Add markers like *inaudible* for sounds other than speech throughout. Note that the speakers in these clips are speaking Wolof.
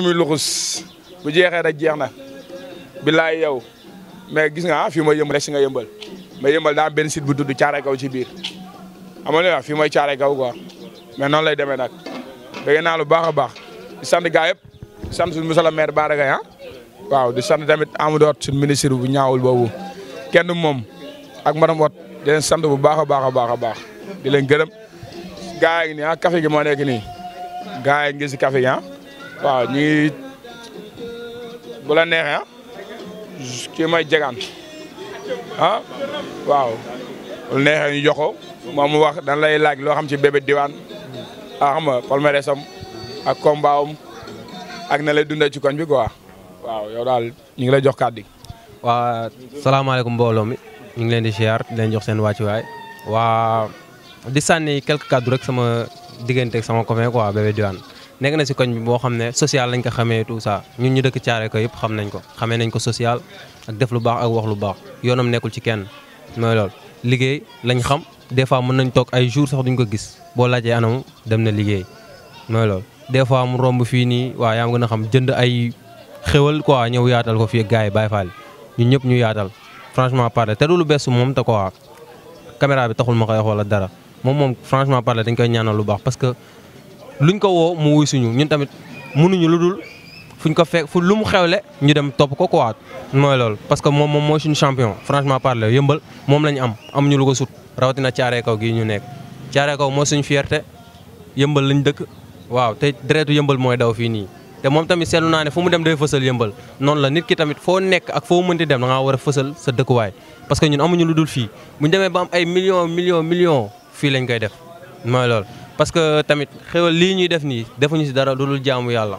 lu muy luxus bu jeexee rek jeex na billaay yow mais gis nga ah fii mooy yëmbal rek si nga yëmbal mais yëmbal daa benn sit bu tudd caare kaw ci biir amoon na fii mooy caare kaw quoi mais noonu lay demee nag bëgg naa lu baax a baax di sant gaa yëpp di sant suñu monsieur le maire Bara Gaye ah waaw di sant tamit Amadou Hott suñu ministre bu ñaawul boobu kenn moom ak madame Hott di sant bu baax a baax a baax a baax di leen gërëm gaa yi nii ah café gi moo nekk nii gaa yi si café gi ah. waaw ñu ngi bu la neexee ah, may jegaan ah waaw bu la neexee jox ko moom mu wax dan lay laaj loo xam ci bébé diwaan ah xam nga palmarès am ak combat na lay dundee ci koñ bi quoi waaw yow daal ñu ngi lay jox kàddu gi. waa salaamaaleykum mbooloo mi ñu ngi leen di ziar di leen jox seen wàccuwaay waa di sànni quelques kàddu rek sama diggante ak sama copain quoi bébé diwaan. nekk na si koñ bi boo xam ne social lañ ko xamee tout ça ñun ñu dëkk caare ko yëpp xam nañ ko xamee nañ ko social ak def lu baax ak wax lu baax yoonam nekkul ci kenn mooy loolu liggéey lañ xam des fois mën nañ toog ay jours sax duñ ko gis boo laajee anamu dem na liggéey mooy loolu des mu romb fii nii waa yaa gën a xam jënd ay xéwal quoi ñëw yaatal ko fii gars yi Baye Fall ñu ñëpp ñu yaatal franchement parler te du lu bees moom te ko caméra bi taxul ma koy wax wala lu ñu ko woo mu wuy suñu ñun tamit munuñu lu dul fuñ ko fekk fu lu mu xewle ñu dem topp ko quoi mooy loolu. parce que moom moom mooy suñu champion franchement parler yëmbal moom la am amuñu lu ko sut rawatina caaree kaw gii ñu nekk caaree kaw mooy suñu fierte yëmbal lañ dëkk waaw te deretu yëmbal mooy daw fii nii. te moom tamit seetlu naa ne fu mu dem day fësal yëmbal noonu la nit ki tamit foo nekk ak foo mënti dem da war a fësal sa dëkkuwaay parce que ñun amuñu lu dul fii bu ñu demee ba ay millions millions millions fii lañ koy def mooy loolu. parce que tamit xéwal lii ñuy def nii defuñu si dara lu dul jaamu yàlla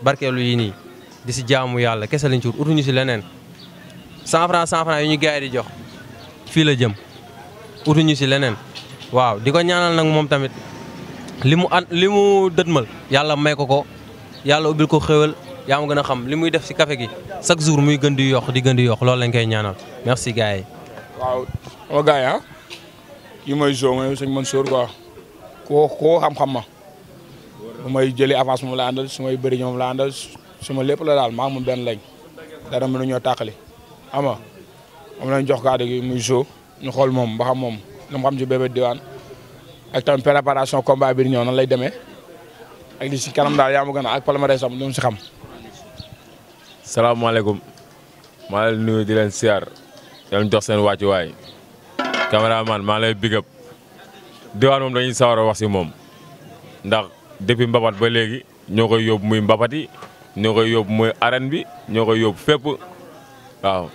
barkeelu yi nii di si jaamu yàlla kese lañ ci wut utuñu si leneen 100 francs 100 francs yi ñu gars di jox fii la jëm utuñu si leneen waaw di ko ñaanal nag moom tamit li mu at li mu dëtmal yàlla may ko ko yàlla ubbil ko xéwal yaa ma gën a xam li muy def si kafe gi chaque jour muy gën di yokk di gën di yokk loolu lañ koy ñaanal merci gars yi. waaw sama gars yi ah kii mooy koo koo xam-xam ma bu may jëlee avance moom la àndal su may bëri ñoom la àndal su ma lépp la daal maa mu benn lañ dara mënuñoo tàqali xam nga moom lañ jox kàddu mu muy jo ñu xool moom ba moom lu mu xam ci Bébé Diwane ak tamit préparation combat bi ñëw nan lay demee ak li kanam daal yaa ma gën ak palmarès am lu mu si xam. salaamaaleykum maa ngi leen di leen siyaar di leen jox seen wàccuwaay caméraman maa lay big up diwaan moom dañuy sawar a wax si moom ndax depuis mbabat ba léegi ñoo koy yóbbu muy mbapat yi ñoo koy yóbbu muy arène bi ñoo koy yóbbu fépp waaw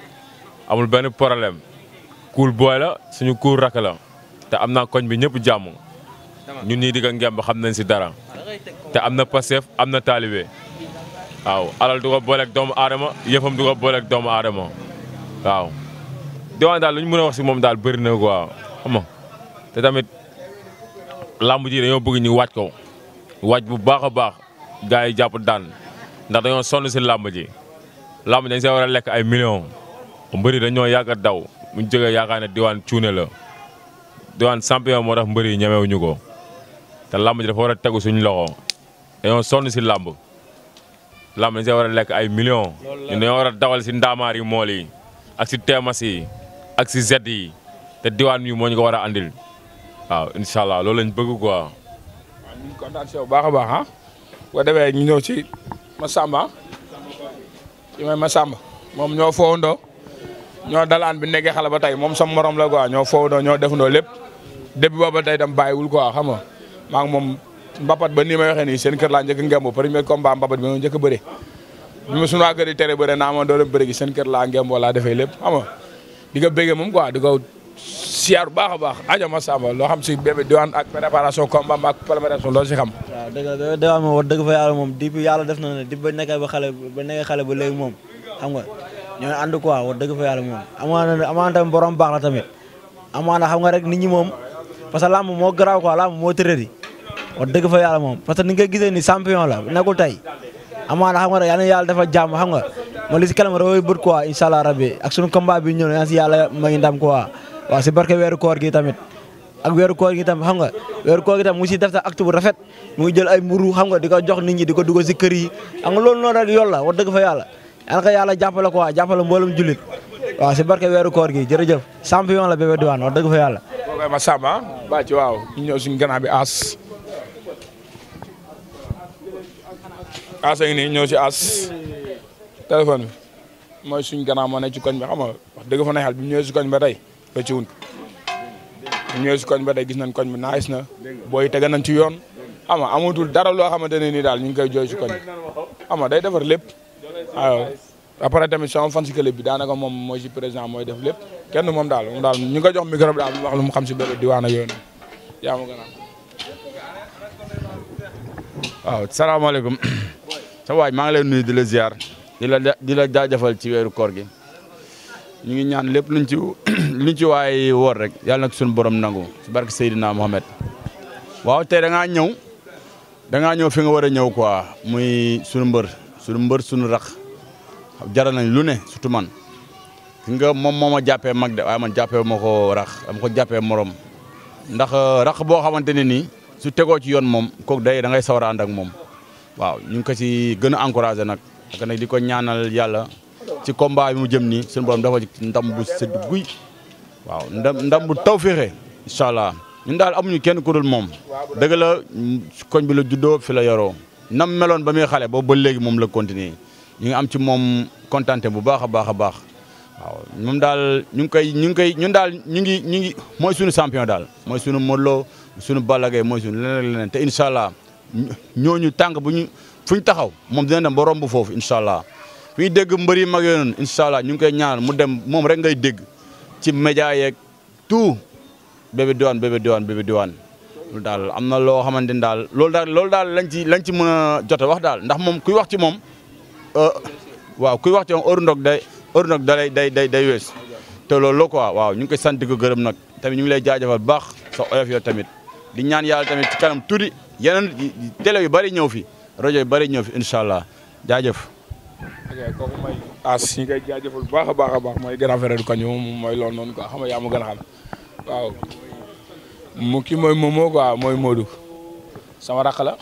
amul benn problème kuul booy suñu kuul rakk la te am na koñ bi ñëpp jàmm ñun ñii di ko xam nañ si dara te am na Pastef am na taalibe waaw alal du ko doomu aadama yëfam du ko doomu aadama waaw diwaan daal lu ñu mën a wax si moom daal bëri na quoi te tamit làmb ji dañoo bëgg ñu waaj ko waaj bu baax a baax gars yi jàpp daan ndax dañoo sonn si làmb ji làmb dañ see war a lekk ay millions mbëri dañoo yàgg daw mu jógee yaakaar ne diwaan cuune la diwaan champion moo tax mbëri ñemewuñu ko te làmb ji dafa war a tegu suñu loxo dañoo sonn si làmb làmb dañ see war a lekk ay millions ñu dañoo war a dawal si ndaamaar yi mool yi ak si teemas yi ak si zet yi te diwaan yi mooñ ko war a andil waaw incha allah loolu lañ bëgg quoi. waaw ñu ngi baax a baax ah. defee ñu ñëw ci Massamba ci may Massamba moom ñoo foowandoo ñoo dalaan bi nekkee xale ba tey moom sam morom la quoi ñoo foowandoo ñoo defandoo lépp depuis boobu ba tey tam bàyyiwul quoi xam nga maa moom mbapat ba nii may waxee nii seen kër laa njëkk ngemb premier combat mbapat bi ma njëkk a bëre bi ma sunu waa kër tere bëre naa ma doo leen bëre gi seen kër laa ngemb laa defee lépp xam nga di ko bëggee moom quoi di ko siyaar bu baax a baax aja ma samba loo xam si bébé diwaan ak préparation combat ak préparation loo si xam waaw dëgg la diwaan moom wax dëgg fa yàlla moom na ne di ba nekkee ba xale ba nekkee moom xam nga ñoo ànd quoi wax dëgg fa yàlla moom amaana la tamit amaana xam nga rek nit ñi moom parce que moo garaaw quoi làmb moo tërëri wax dëgg fa yàlla moom parce que ni nga gisee ni champion la nekkul tey amaana xam nga rek yal na yàlla xam nga ma li si kanam rawee bët quoi rabbi ak suñu combat waaw si barke weeru koor gi tamit ak weeru koor gi tam xam nga weeru koor gi tam mu si def sax acte bu rafet mu ngi jël ay mburu xam nga di ko jox nit ñi di ko dugal si kër yi xam nga loolu noonu rek yoon la wax dëgg fa yàlla yal na yàlla jàppale ko waa jàppale mboolum jullit waaw si barke weeru koor gi jërëjëf champion la Bébé Diwane wax dëgg fa yàlla koy ma samba ba ci waaw ñu ñëw suñu gannaaw bi as as a ngi nii ñëw si as téléphone bi mooy suñu gannaaw moo ne ci koñ bi xam nga wax dëgg fa na xel bi ñëwee si koñ ba tey rëccuwuñ ko ñëwee si ba tey gis nañ koñ bi naagis na booy tege nañ ci yoon ama amatul dara loo xamante ne nii daal ñu ngi koy jooy si koñ ama day defar lépp waaw après tamit sama fan si club bi daanaka moom mooy si président mooy def lépp kenn moom daal daal ñu ngi ko jox micro bi daal wax lu mu xam si bëri diwaan ak yooyu noonu yaa ma waaw salaamaaleykum sa waay maa ngi leen nuyu di la ziar di la di la jaajëfal ci weeru koor gi ñu ngi ñaan lépp luñ lu ci waay woor rek yàlla nag suñu borom nangu si barke Seydina Mohamed waaw tey da ñëw da ñëw fi nga war a ñëw quoi muy sunu mbër sunu mbër sunu rax jaral nañ lu ne surtout man ki nga moom moo ma jàppee mag de waaye man jàppee ma ko rax dama ko jàppee morom ndax euh, rax boo xamante ne nii su tegoo ci yoon moom kooku day da ngay sawar ànd ak moom waaw ñu ngi ko si gën a encouragé nag nag di ko ñaanal yàlla ci combat mu jëm nii suñu borom dafa ci ndam bu sedd guy waaw ndam ndam bu taw féexee incha allah ñun daal amuñu kenn ku dul moom dëgg la koñ bi la juddoo fi la yoroo nam meloon ba muy xale boobu ba léegi moom la continuer ñu ngi am ci moom contenté bu baax a baax a baax waaw moom daal ñu ngi koy ñu ngi koy ñun daal ñu ngi ñu ngi mooy suñu champion daal mooy suñu Modou Lo suñu Balla Gaye mooy suñu leneen leneen te incha allah ñooñu tànk bu ñu fu ñu taxaw moom dina dem ba romb foofu incha allah fii dégg mbër yi mag yooyu noonu incha allah ñu ngi koy ñaanal mu dem moom rek ngay dégg ci média yeg tout Bébé Diwane Bébé Diwane Bébé Diwane daal am na loo xamante ni daal loolu daal loolu daal lañ ci lañ ci mën a wax daal ndax moom kuy wax ci moom euh, waaw kuy wax ci moom heure ndox day heure ndox dalay day day day wees te loolu la quoi waaw ñu ngi koy sant ko gërëm nag tamit ñu ngi lay jaajëfal baax sa oyof yow tamit di ñaan yàlla tamit ci kanam tuuti yeneen télé yu bëri ñëw fi rajo yu bëri ñëw fi incha allah jaajëf ok kooku mooy as ñu koy jaajëfal bu baax a baax a baax mooy grand frère du Kandji moom mooy loolu yaa ma gën a xam waaw kii mooy Momo quoi mooy Modou sama rakk la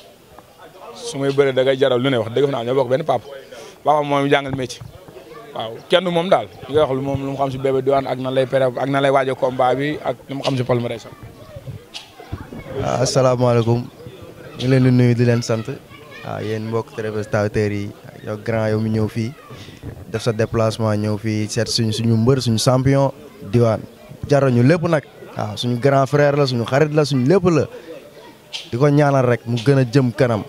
su may bëree da ngay jaral lu ne wax dëgg naa ñoo bokk benn papa papa moom jàngal métier waaw kenn moom daal li nga wax lu moom lu mu xam si bébé diwaan ak nan lay pere ak nan lay waajo combat bi ak lu mu xam si palmarès. waaw ah, asalaamaaleykum di nuyu di leen sant. waaw ah, yéen mbokk téléspectateurs yi yow grand yow mi ñëw fii def sa déplacement ñëw fii seet suñ suñu mbër suñu champion diwaan jaral ñu lépp nag waaw ah, suñu grand frère la suñu xarit la suñu lépp la di ko ñaanal rek mu gën a jëm kanam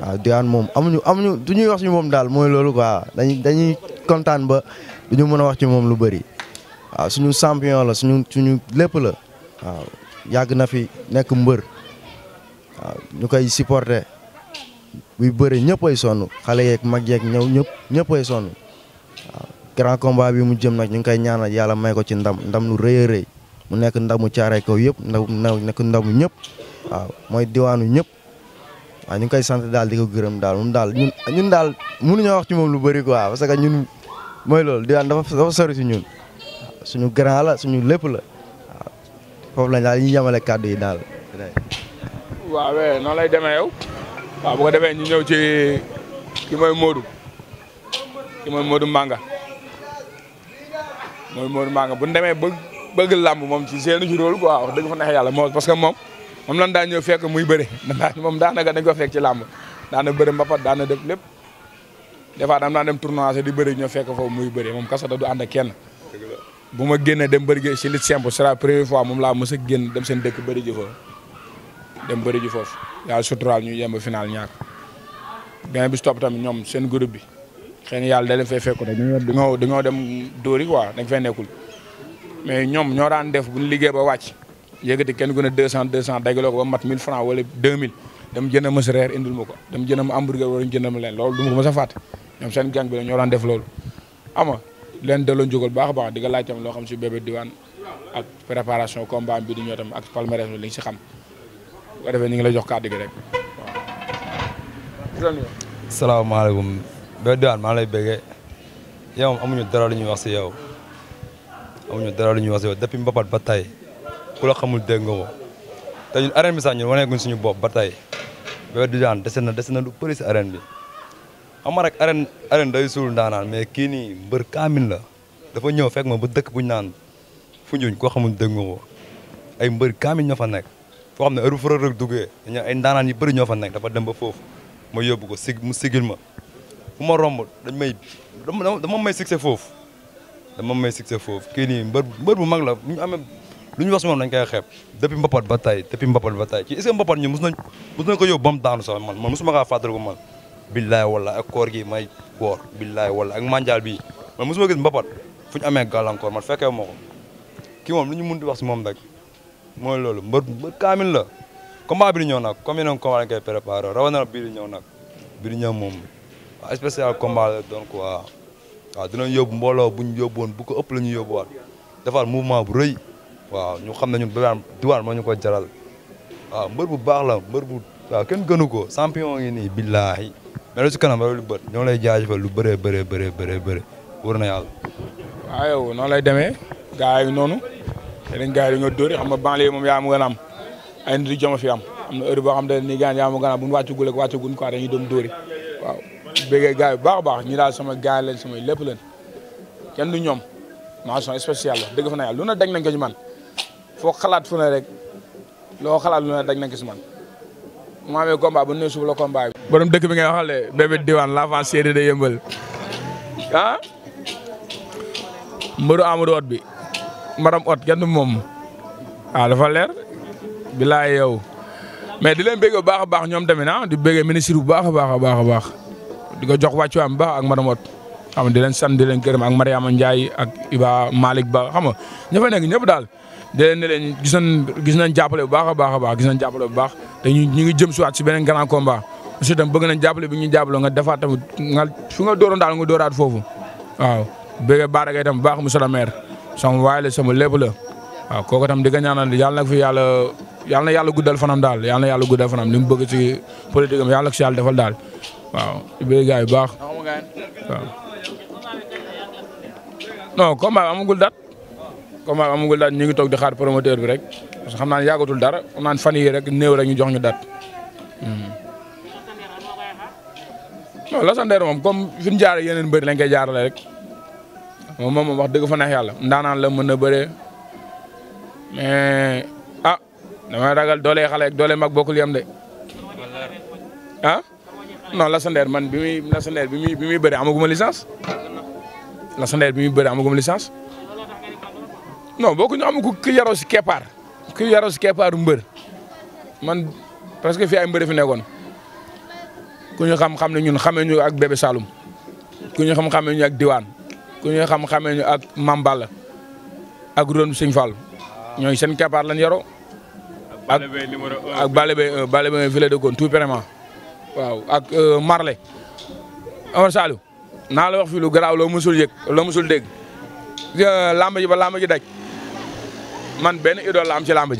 waaw ah, diwaan moom amuñu amuñu du ñuy wax ci moom daal mooy loolu quoi dañuy dañuy kontaan ba du ñu mën a wax ci moom lu bëri waaw suñu champion la suñu suñu lépp la waaw yàgg na fi nekk mbër waaw ñu koy supporter. buy bëre ñëppay sonn xale yeeg mag yeeg ñëw ñëpp ñëppay sonn waaw grand combat bi mu jëm nag ñu ngi koy ñaanal yàlla may ko ci ndam ndam lu rëy a rëy mu nekk ndamu caare kaw yëpp ndaw ndaw nekk ndamu ñëpp waaw mooy diwaanu ñëpp waaw ñu ngi koy sant daal di ko gërëm daal moom daal ñun ñun daal mënuñoo wax ci moom lu bëri quoi parce que ñun mooy loolu diwaan dafa dafa sori si ñun suñu grand la suñu lépp la waaw foofu lañ daal kàddu yi daal. waaw bu ko defee ñu ñëw ci ki moy Modou ki mooy Modou Manga mooy Modou Manga bu demee ba bëgg làmb moom ci seenu ci rôle quoi wax dëgg fa neex yàlla parce que moom moom lan daan ñëw fekk muy bëri *laughs* moom daanaka dañ ko fekk ci làmb daana bëri mbapat daana def lépp des fois dam naa dem tournoi di bëri ñoo fekk foofu muy bëri moom kasa da du ànd ak bu ma génne dem bëri si lit simple c'est la première fois moom laa mës a dem seen dëkk bëri ji dem bëri ji foofu yàlla suturaal ñu yem ba final ñàkk beneen bi si tamit ñoom seen groupe bi xëy na yàlla da leen fay fekku rek dañoo dañoo dem dóori quoi dañ fay nekkul mais ñoom ñoo daan def bu ñu liggéey ba wàcc yëkkati kenn gën a deux cent deux cent dagaloo ko ba mat mille dem jënd ma si reer indil ma ko dem jënd ma hamburger wala jënd ma leen loolu du ma ko mës ñoom seen gang bi la ñoo daan def loolu ama leen delloo njugal baax a baax di laaj tam loo xam si bébé diwaan ak préparation combat bi di ñoo tam ak palmarès li ñu si xam ko defee ñu ngi lay jox kàddu gi rek waaw. salaamaaleykum Bébé maa ngi lay bëggee yow moom amuñu dara lu ñuy wax si yow amuñu dara lu ñuy wax si yow depuis Mbapat ba tey ku xamul dégg nga ko bi sax ñun waneeguñ suñu bopp ba tey Bébé Diwane dese na dese na lu bëri si arène bi xam rek arène arène day suul ndaanaan mais kii nii mbër kaamil la dafa ñëw fekk ma ba dëkk bu ñu naan fu ñuñ koo xamul dégg ay mbër kaamil ñoo fa nekk. foo xam ne heure bu fa Reug Reug duggee dañu ay ndaanaan yu bëri ñoo fa nekk dafa dem ba foofu ma yóbbu ko sig mu sigil ma fu ma romb dañ may dama may succès foofu dama may succès foofu kii nii mbër mbër bu mag la ñu amee lu ñu wax si dañ koy xeeb depuis mbapat ba tay depuis mbapat ba tay ci est ce que mbapat ñu mus nañ mus nañ ko yóbbu ba mu daanu sax man man musuma kaa fàttaliku man billaay wala ak koor gi may koor billaay wala ak mandial bii man musuma gis ñu amee gàllankoor man fekkee moo ko kii moom lu ñu mun di wax si moom rek mooy loolu mbër mbër kaamil la combat bi di ñëw nag comme yeneen combat lañ koy préparé rawatina bii di ñëw nag bii di ñëw moom waaw spécial combat la donc waaw waaw dinañ yóbbu mbooloo bu ñu yóbbu woon bu ko ëpp la ñu yóbbuwaat defaat mouvement bu rëy waaw ñu xam ne ñun diwaan diwaan moo ñu ko jaral waaw mbër bu baax la mbër bu waaw kenn gënu ko champion ngi nii billaahi mais lu si kanam rek lu bët ñoo lay jaajëfal lu bëree bëree bëree bëree bëri wër na yàlla. waaw yow noonu lay demee gars yi noonu. yeneen gars yi dañoo dóori xam nga banlieue moom yaa ma gën a am ay nit yu jom fi am am na heure boo xam ne nii gars yaa ma gën a am bu ñu wàccagul ak waaw bëggee gars yi baax a baax ñi daal sama gars lañ samay lépp lañ kenn du ñoom mention spéciale la dëgg fa na yàlla lu ne dañ nañ ko ci man foo xalaat fu ne rek loo xalaat lu ne dañ nañ ko ci man mu amee combat bu ne suuf la combat bi. borom dëkk bi ngay waxal de bébé diwaan l'avance séeréer day yëmbal ah. Mbëru Amadou Hott bi. maram ot kenn moom waaw ah, dafa leer bilaay yow mais di leen bëggee bu baax a baax ñoom tamit ah di bëggee ministre bu baax a baax baax a baax di ko jox wàccuwaay bu baax ak madame Ott xam di leen sant di leen gërëm ak Mariama Ndiaye ak Iba Malick Ba xam nga ña fa nekk ñëpp daal di leen gis nañ gis nañ jàppale bu baax a baax a baax gis nañ jàppale bu baax te ñu ñu ngi jëm si waat si beneen grand combat aussi tam bëgg nañ jàppale bi ñu jàppale nga defaat tamit nga fu nga dooroon daal nga dooraat foofu waaw bëggee baaragay tam bu baax monsieur le maire sama waay la sama lépp la waaw kooku tam di ñaanal yàlla na fi yàlla yàlla na yàlla guddal fanam daal yàlla na yàlla guddal fanam li mu bëgg ci politique am yàlla na ko si yàlla defal daal waaw ci biir gars baax waaw. non combat amagul dat dat ñu ngi toog di xaar promoteur bi rek parce que xam naa ne yàggatul dara xam naa fan yii rek new rek ñu jox ñu dat. Hmm. non la sandeer moom comme fi ñu yeneen mbër lañ koy jaarale rek. moom moom wax dëgg fa neex yàlla ndaanaan la mën na bare mais ah damay ragal doole xale ak mag bokkul yam de ah non Lasandeer man bi muy Lasandeer bi muy bi muy bëri amaguma licence Lasandeer bi muy bëri amaguma licence non bokkuñu amagu ku yaroo si keppaar ku yaroo si man parce que fii ay mbër fi nekkoon ku ñu xam ne ñun xamee ñu ak bébé Saloum ku ñu xam-xam ak diwaan. ku ñuy xam xamee ñu ak Mame Balla ñooy seen keppaar lañ yaroo. ak ak Balla Beye euh, numéro 1 Balla Beye fi la vraiment waaw ak euh, Marley Omar Saliou naa la wax fii lu garaaw loo musul yëg loo musul dégg euh, làmb ji ba làmb ji daj man benn idole la am ci làmb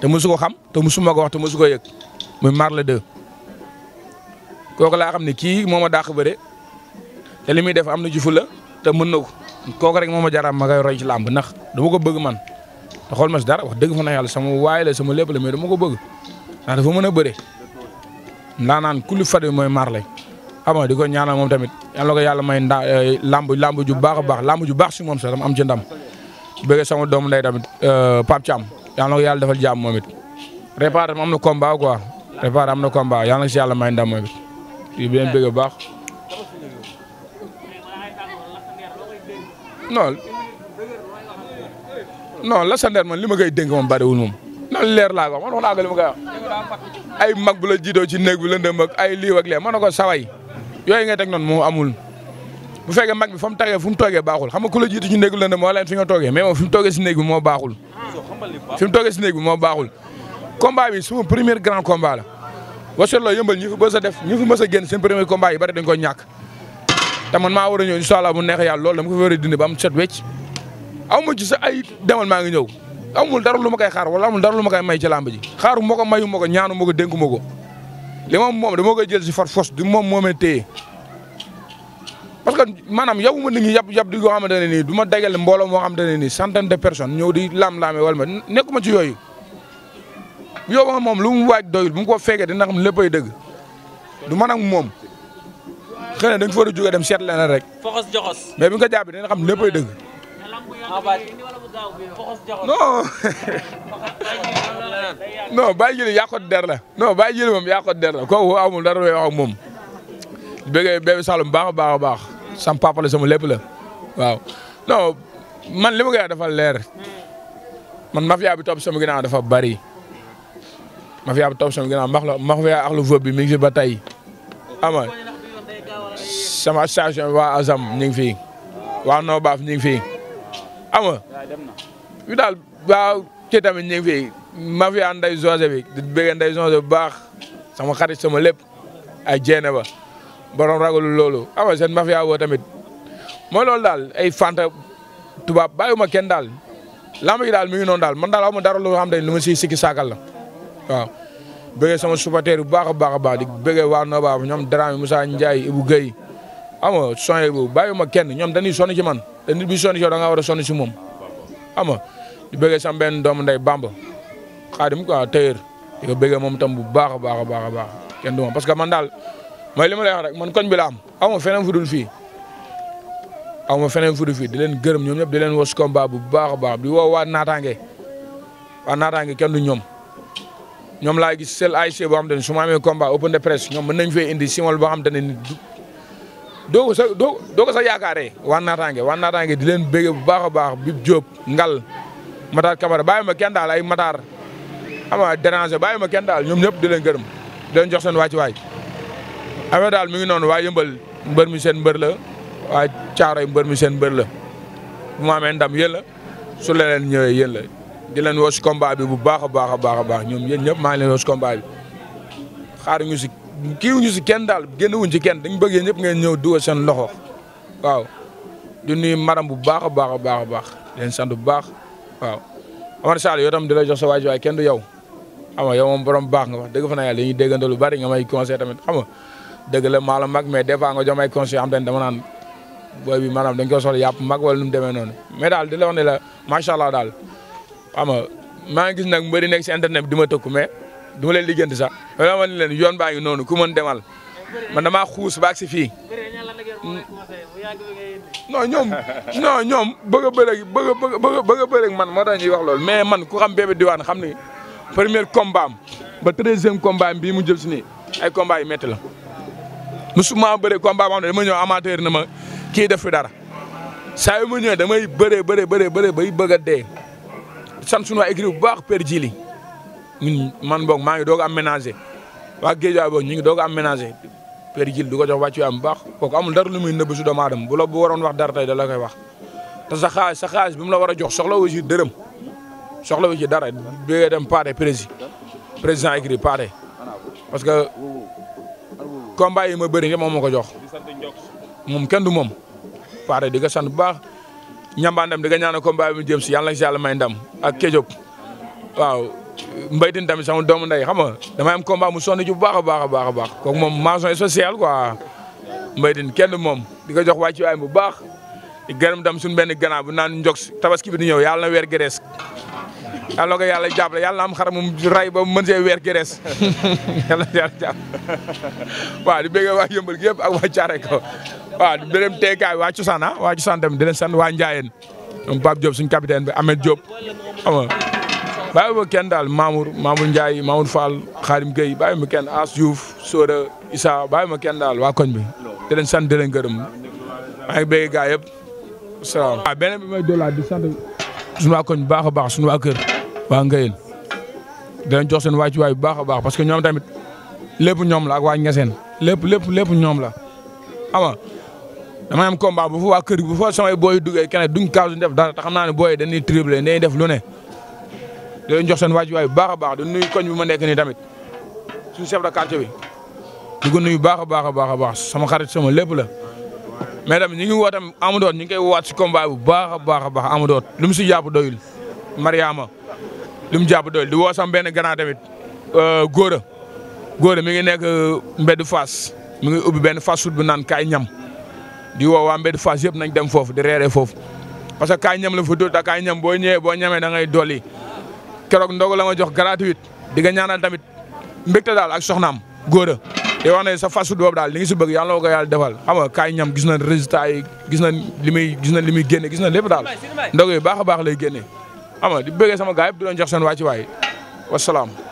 te musu xam te musu ma ko wax te musu ko yëg muy Marley 2 kooku laa xam ne kii moo ma dàq bëre te li muy def am na ci fula te mën na ko kooku rek moo ma jaraam ma koy roy ci làmb ndax dama ko bëgg man te xool ma si dara wax dëgg fa na yàlla sama waay la sama lépp la mais dama ko bëgg ndax dafa mën a bëre ndaa naan ku li fat mooy maar lay ama di ko ñaana moom tamit yàlla ko yàlla may ndaa eh, lamb làmb ju baax a baax lamb ju baax si moom sax dama am ci ndam bëgg sama doomu ndey tamit eh, Pape Thiam yàlla ko yàlla defal jàmm moom it répar am na combat quoi répar am na combat si yàlla may ndam moom it beneen bëgg baax non non Lassane man li ma koy dénk moom bariwul moom non leer laa ko man wax naa ko li ay mag bu la jiitoo ci néeg bi lëndëm ak ay lii ak lee mën na ko saway yooyu nga teg noonu moo amul bu fekkee mag bi fa mu tagee fu mu toogee baaxul xam nga ku la jiitu ci néeg bi lëndëm moo leen fi nga tooge mais moom fi mu toogee si néeg bi moo baaxul fi mu toogee si néeg bi moo baaxul combat bi suma premier grand combat la waseet loo yëmbal ñi a def ñi fi mës a génn seen premier bari dañ ko ñàkk te maa war a ñëw incha allah bu neexee yàlla ko fa war a dindi am set wecc aw ma ci sa ay demal maa ngi ñëw amul dara lu ma kay xaar wala amul dara lu ma koy may ci làmb ji xaaru ma ko mayu ma ko ñaanu ma ko dénku ma ko li moom moom dama koy jël si far fos di moom moomee tee parce que maanaam yow ma nit ñi yab yab di yoo xamante ne nii du ma dagale mbooloo moo am ne nii centaine de person ñëw di laam-laame wala ma nekkuma ci yooyu moom lu mu waaj doyul bu mu ko fekkee dina xam léppay dëgg du man ak moom xëy na dañ fa war a dem seet leneen rek. foxos joxos. mais bi nga ko jàppee dina xam léppay dëgg. Ah, non non bàyyi jëli der la non bàyyi jëli moom der la kooku amul dara lay wax ak moom bëggee bébé Saloum baax a baax a baax sam papa la sama lépp la waaw non man li ma koy dafa leer man mafia bi topp sama ginnaaw dafa bari mafia bi topp sama ginnaaw a la mafia ak lu vëb bi mi ngi si ba tey ama sama station waa Azam ñu ngi fi waa Noobaaf ñu ngi fi xam nga daal waaw ci tamit ñu fi ma nday José bi di bëgg nday José bu baax sama xarit sama lépp ay jeene ba borom ragalu loolu xam nga seen ma woo tamit mooy loolu daal ay fanta tubaab bàyyiwuma kenn daal lamb gi daal mi ngi noonu daal man daal aw ma dara loo xam ne lu ma siy sikki saakal la waaw. sama supporteur bu baax a di bëggee waa Noobaaf ñoom Dramé Moussa Ndiaye Ibou Guèye xam nga son yeeg boobu bàyyiwuma kenn ñoom dañuy sonn ci man te nit bi sonn ci yow da ngaa war a sonn ci moom xam nga di bëggee sama benn doomu ndey Bamba moom tam bu baax a baax a baax a baax kenn du parce que man daal mooy li ma lay wax rek man koñ bi la am aw feneen fu dul fii aw ma feneen fu dul fii leen gërëm ñoom ñëpp di leen wos combat bu baax a baax di woo waa naataange waa naataange kenn du ñoom ñoom laa gis sel AIC boo xam te ne su open de presse ñoom mën nañ fee indi simal boo xam te ne doo sa doo doo ko sa yaakaaree waa naataange waa naataange di leen bége bu baax a baax bi Diop ngal Matar Camara bàyyi ma kenn daal ay Matar xam nga déranger bàyyi ma kenn daal ñoom ñëpp di leen gërëm di leen jox seen wàccuwaay amee daal mi ngi noonu waa yëmbal mbër mi seen mbër la waa caaroy mbër mi seen mbër la bu ma ndam yéen la su la leen ñëwee yéen la di leen woo si bu baax a baax a baax a baax ñoom yéen ñëpp maa ngi leen woo si combat bi si kiiwuñu si kenn daal génnewuñ si kenn dañ bëggee ñëpp ngeen ñëw dugal seen loxo waaw di nuyu maram bu baax a baax a baax a baax leen sant bu baax waaw. Omar Sall yow tam di la jox sa waaj waaye kenn du yow xam nga yow moom borom baax nga wax dëgg fa na yàlla dañuy déggante lu bari nga may conseil tamit xam nga dëgg la maa la mag mais des fois nga jox may conseil xam te ne naan booy bi maanaam dañ ko soxla yàpp mag wala nu mu demee noonu mais daal di la wax ne la macha allah daal xam maa ngi gis nag mbëri nekk si internet bi di ma tëkku mais du ma leen liggéeyante sax dama leen leen yoon baa ngi noonu ku mën demal na damaa xuus baag si fii. non ñoom non ñoom bëgg a bëre bëgg a bëgg a man moo tax ñuy wax loolu mais man ku xam Bébé Diwane xam ni premier combat ba treizième combat bii mu jëm si nii ay combat yu métti la. musuma bëre combat boo xam ne dama na ma kii def fi dara saa yu ma damay bëree bëree bëree bëri bay bëgg a dee sant sunu waa écrit bu baax Père Djili ñun man boog maa ngi doog am ménager waa Géejawaay boog ñu ngi doog am ménager Père Gilles du ko jox wàccu am bu baax kooku amul dara lu muy nëbb su bu la bu waroon wax dara tey da la koy wax te sa xaalis sa mu la war a jox soxla wu ci dërëm soxla wu ci dara bi nga dem paare prési président écrit paare parce que combat yi ma bëri moom ma ko jox moom kenn du moom paare di ko sant bu baax ñambaandam di nga ñaanal combat bi mu jëm si yàlla na si yàlla may ndam ak Kéjop waaw mbaytin tamit sama doomu nday xam nga damay am combat mu sonn ci bu baax a baax a baax a baax kooku moom mention spéciale quoi mbaytin kenn moom di ko jox wàcci waay bu baax di gërëm tam suñu benn ganaar bu naan njox tabaski bi di ñëw yàlla na weer gerees yàlla na ko yàlla jàppale yàlla na am xar moom ray ba mën see weer gerees *laughs* yàlla na yàlla jàpp waaw di bëgg waa yëmbal gi yëpp ak waa caare ko waaw di gërëm teekaay waa cosaan ah waa cosaan tamit di leen waa njaayeen ñoom Pape Diop suñu bi Ahmed Diop xam nga bàyyi ma kenn daal Mamour Mamour Ndiaye Mamour Fall Xaarim Gueye bàyyi ma kenn As Diouf Soda Issa bàyyi ma kenn daal waa koñ bi di leen sant di leen gërëm maa ngi bëgg gaa yëpp salaam. waaw ah, beneen bi may dollaat di sant suñu waa koñ bu baax a baax suñu waa kër waa Ngayeen di leen jox seen wàccuwaay bu baax a baax parce que ñoom tamit lépp ñoom la ak waa Ñaseen lépp lépp lépp ñoom la xam nga dama am combat bu fa waa kër bu fa samay booy duggee keneen duñ kaasu def dara te xam naa ne booy dañuy triplé dañuy def lu ne. di leen jox seen waajuwaay bu baax a baax di nuyu koñ bi ma nekk nii tamit suñu chef de quartier bi di ko nuyu baax a baax a baax a baax sama xarit sama lépp la. mais tamit ñu ngi woo tamit Amadoot ñu ngi koy woowaat si combat bu baax baaxa baax a baax Amadoot mu si jàpp doyul Mariama li mu jàpp doyul di woo sama benn grand tamit euh, góora Gora mi ngi nekk euh, mbedd Fass mi ngi ubbi benn fas food bu naan kaay ñam di woo waa mbedd Fass yëpp nañ dem foofu di reeree foofu parce que kaay ñam la fa dóor te ñam boo ñëwee boo ñamee da ngay dolli keroog ndogu la ma jox gratuite di nga ñaanal tamit mbégte daal ak soxnaam góor a di wax ne sa fasu boobu daal li nga si bëgg yàlla na yàlla defal xam kaa kaay ñam gis na résultat yi gis na li muy gis na li muy génne gis na lépp daal ndogu yi baax a baax lay génne xam nga di bëggee sama gaay yëpp di doon jox seen wàccuwaay wasalaam